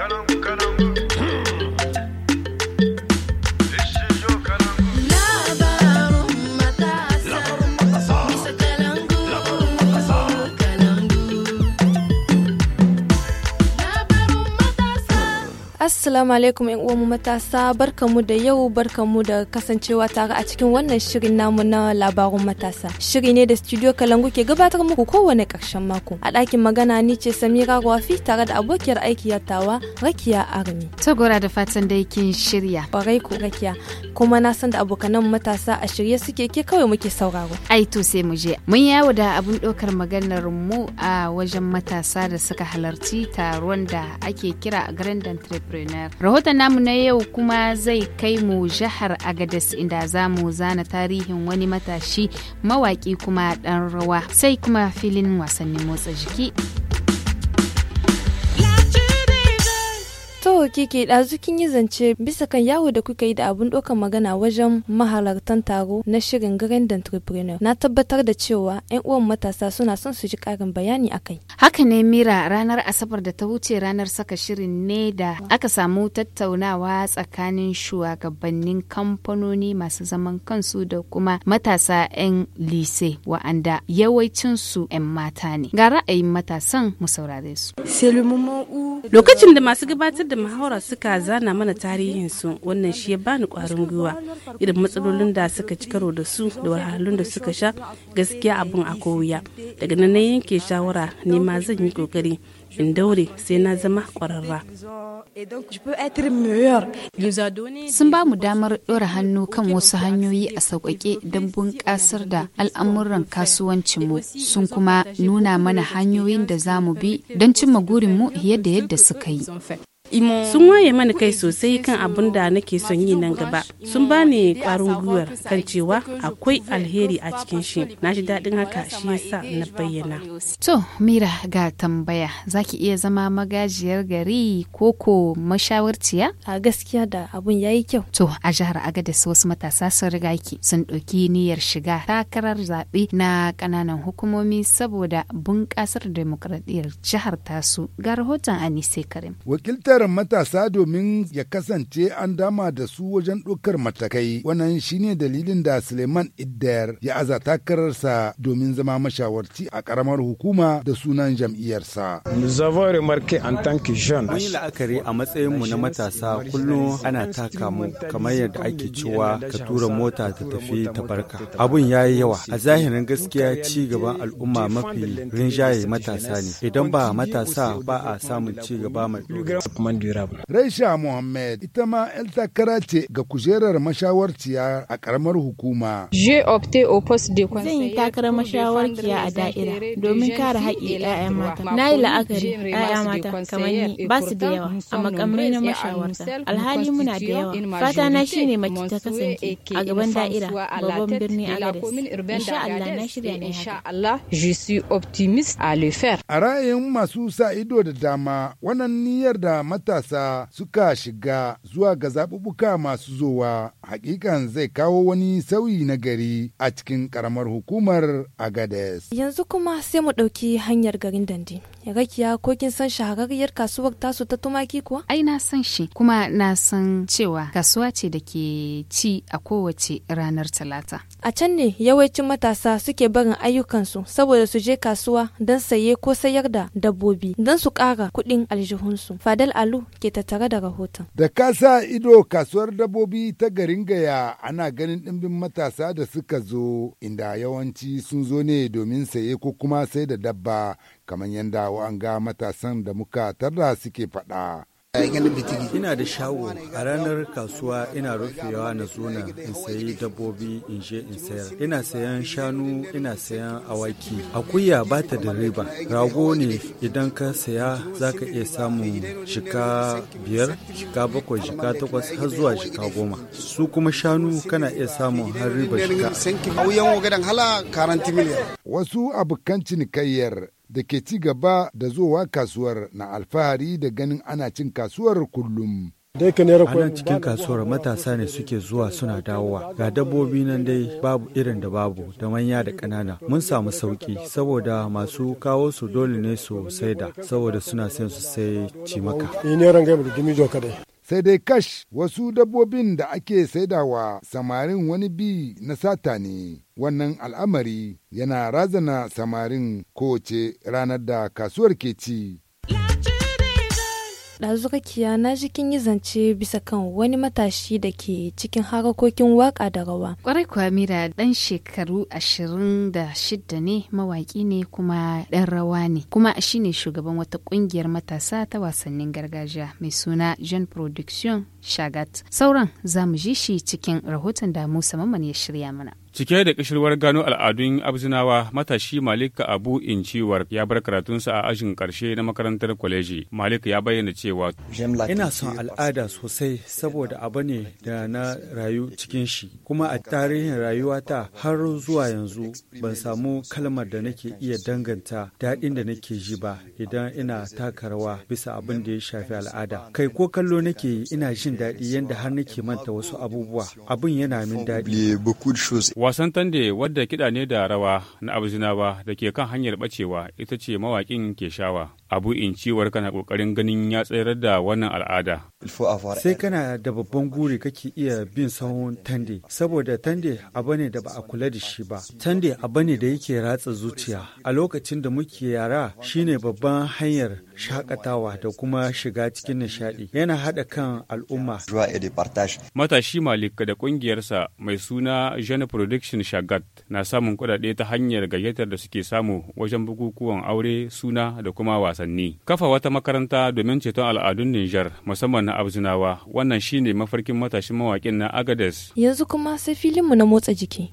Caramba, on. Assalamu alaikum ‘yan uwanmu matasa barkamu da yau barkamu da kasancewa tare a cikin wannan shirin namu na labarun matasa. Shiri ne da studio Kalangu ke gabatar muku kowane ƙarshen mako. A ɗakin magana ni ce Samira Rafi tare da abokiyar aiki ya tawa Rakiya Armi. Tagora da fatan da kin shirya. Barai ku Rakiya kuma na san da abokanan matasa a shirye suke ke kawai muke sauraro. Ai to sai mu je. Mun yawo da abin ɗaukar maganar mu a wajen matasa da suka halarci taron da ake kira a Grand Entrepreneur entrepreneur rahoton namu na yau kuma zai kai mu jihar agadez inda za mu zana tarihin wani matashi mawaki kuma ɗan rawa sai kuma filin wasannin motsa jiki To kike ɗazu kin yi zance bisa kan yawo da kuka yi da abun ɗaukar magana wajen mahalartan taro na shirin Grand Entrepreneur. Na tabbatar da cewa 'yan uwan matasa suna son su ji ƙarin bayani a kai. Haka ne Mira ranar Asabar da ta wuce ranar saka shirin ne da aka samu tattaunawa tsakanin shugabannin kamfanoni masu zaman kansu da kuma matasa 'yan lise wa'anda yawancinsu 'yan mata ne. Ga ra'ayin matasan mu saurare su. Lokacin da masu gabatar da muhawara suka zana mana tarihin su wannan shi ya bani kwarin gwiwa irin matsalolin da suka ci karo da su da wahalhalun da suka sha gaskiya abun a wuya daga nan na yanke shawara ne ma zan yi kokari in daure sai na zama ƙwararra. Sun ba mu damar ɗora hannu kan wasu hanyoyi a sauƙaƙe don bunƙasar da al'amuran kasuwancinmu sun kuma nuna mana hanyoyin da za mu bi don cimma gurinmu yadda yadda suka yi. sun waye mani kai sosai kan abin da nake son yi nan gaba sun bani ƙwarin gwiwar kan cewa akwai alheri a cikin shi na ji daɗin haka shi yasa na bayyana to mira ga tambaya zaki iya zama magajiyar gari ko ko mashawarciya a gaskiya da abun ya yi kyau to a jihar agadez wasu matasa sun riga ki sun ɗauki niyyar shiga takarar zaɓe na ƙananan hukumomi saboda bunƙasar demokradiyyar jihar tasu ga rahoton anise karim wakiltar Bangaren matasa domin ya kasance an dama da su wajen ɗaukar matakai, wannan shine dalilin da Suleiman Iddayar ya aza takararsa domin zama mashawarci a karamar hukuma da sunan jam'iyyarsa. Mun yi la'akari a matsayinmu na matasa kullum ana taka mu kamar yadda ake cewa ka tura mota ta tafi ta barka. Abun ya yi yawa, a zahirin gaskiya ci gaban al'umma mafi rinjaye matasa ne. Idan ba matasa ba a samun ci gaba mai Development Durable. Raisha Mohammed ita ma 'yan takara ce ga kujerar mashawarciya a karamar hukuma. Je opte au poste de conseil. Zan yi takarar mashawarciya a da'ira domin kare haƙƙi ƴaƴan mata. Na yi la'akari ƴaƴan mata kamar ni ba su da yawa a makamai na mashawarta. Alhali muna da yawa. Fata na shi ne mace ta kasance a gaban da'ira babban birni Agadez. Insha Allah na shirya ne Allah Je suis optimiste à le faire. A ra'ayin masu sa ido da dama wannan niyyar da matasa suka shiga zuwa ga zaɓuɓɓuka masu zowa hakikan zai kawo wani sauyi na gari a cikin ƙaramar hukumar Agades. Yanzu kuma sai mu ɗauki hanyar garin Dandi. Ya kiya ko kin san shahararriyar kasuwar tasu ta tumaki kuwa? Ai na san shi kuma na san cewa kasuwa ce da ke ci a kowace ranar Talata. A can ne yawancin matasa suke barin ayyukansu saboda su je kasuwa don saye ko sayar da dabbobi don su ƙara kuɗin aljihunsu. Fadal Alu ke tattare da rahoton. Da ka sa ido kasuwar dabbobi ta garin Gaya ana ganin ɗimbin matasa da suka zo inda yawanci sun zo ne domin saye ko kuma sai da dabba kamar yadda wa'anga matasan da muka suke faɗa. Ina da shago a ranar kasuwa ina rufewa na zona in sayi dabbobi in je in sayar. Ina sayan shanu ina sayan awaki. Akuya ba ta da riba. Rago ne idan ka saya za ka iya samun shika biyar, shika bakwai, shika takwas har zuwa shika goma. Su kuma shanu kana iya samun har riba shika. Wasu abokan cinikayyar da ke ci gaba da zowa kasuwar na alfahari da ganin ana cin kasuwar kullum. a nan cikin kasuwar matasa ne suke zuwa suna dawowa ga dabbobi nan dai babu irin da babu da manya da ƙanana mun samu sauki saboda masu kawo su dole ne su saida saboda suna son su sai cimaka sai dai kash wasu dabbobin da ake saidawa samarin wani bi na sata ne wannan al'amari yana razana samarin kowace ranar da kasuwar ke ci zuwa rakiya na jikin yi zance bisa kan wani matashi da ke cikin harakokin waka da rawa. Kwarai kuwa Mira ɗan shekaru ashirin da shidda ne mawaki ne kuma ɗan rawa ne kuma shi ne shugaban wata ƙungiyar matasa ta wasannin gargajiya mai suna Jean Production Shagat. Sauran za mu ji shi cikin rahoton da Musa Mamman ya shirya mana. Cike da kishirwar gano al'adun abzinawa matashi Malik Abu Inciwar ya bar karatunsa a ajin karshe na makarantar kwaleji. Malik ya bayyana cewa ina son al'ada sosai saboda abu ne da na rayu cikin shi kuma a tarihin rayuwata har zuwa yanzu ban samu kalmar da nake iya danganta daɗin da nake ji ba idan ina taka rawa bisa abin da ya shafi al'ada. Kai ko kallo nake yi ina jin daɗi yadda har nake manta wasu abubuwa abin yana min daɗi. Wasan tande wadda kiɗa ne da rawa na abzinawa da ke kan hanyar bacewa ita ce mawaƙin ke shawa. Abu in ciwar kana ƙoƙarin ganin ya tsayar da wannan al'ada. Sai kana da babban guri kake iya bin sahun tande, saboda tande abu ne da ba a kula da shi ba. Tande abu ne da yake ratsa zuciya. A lokacin da muke yara shine babban hanyar shakatawa da kuma shiga cikin nishadi yana hada kan al'umma. Matashi Malik da ƙungiyarsa mai suna Jeune Production Shagat na samun kudade ta hanyar gayyatar da suke samu wajen bukukuwan aure, suna da kuma wasanni. Kafa wata makaranta domin ceton al'adun Nijar musamman na Abzinawa wannan shine mafarkin matashin mawakin na Agades. Yanzu kuma sai filin mu na motsa jiki.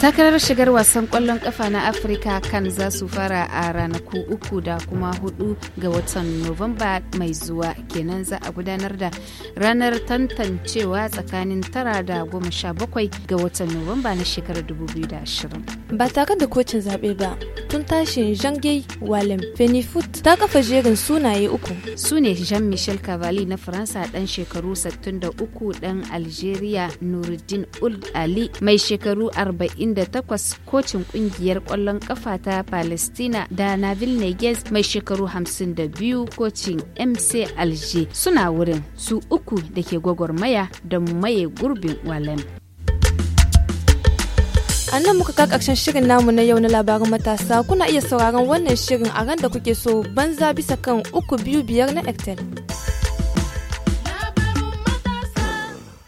takarar shigar wasan kwallon kafa na afirka kan za su fara a ranaku uku da kuma hudu ga watan Novemba mai zuwa kenan za a gudanar da ranar tantancewa tsakanin tara da goma sha bakwai ga watan Novemba na shekarar 2020 ba tare da kocin zaɓe ba tun tashin jangai walem fenifut ta kafa jerin sunaye uku su ne jean-michel cavalli na faransa dan shekaru 63 dan algeria nuruddin ul ali mai shekaru 40 38 kocin kungiyar kwallon kafa ta Palestina da Nabil Neges mai shekaru 52 kocin MC Alger suna wurin su uku da ke gwagwarmaya da maye gurbin Walem. A nan muka ka ƙarshen shirin namu na yau na labarin matasa kuna iya sauraron wannan shirin a ran da kuke so banza bisa kan uku biyu biyar na Ectel.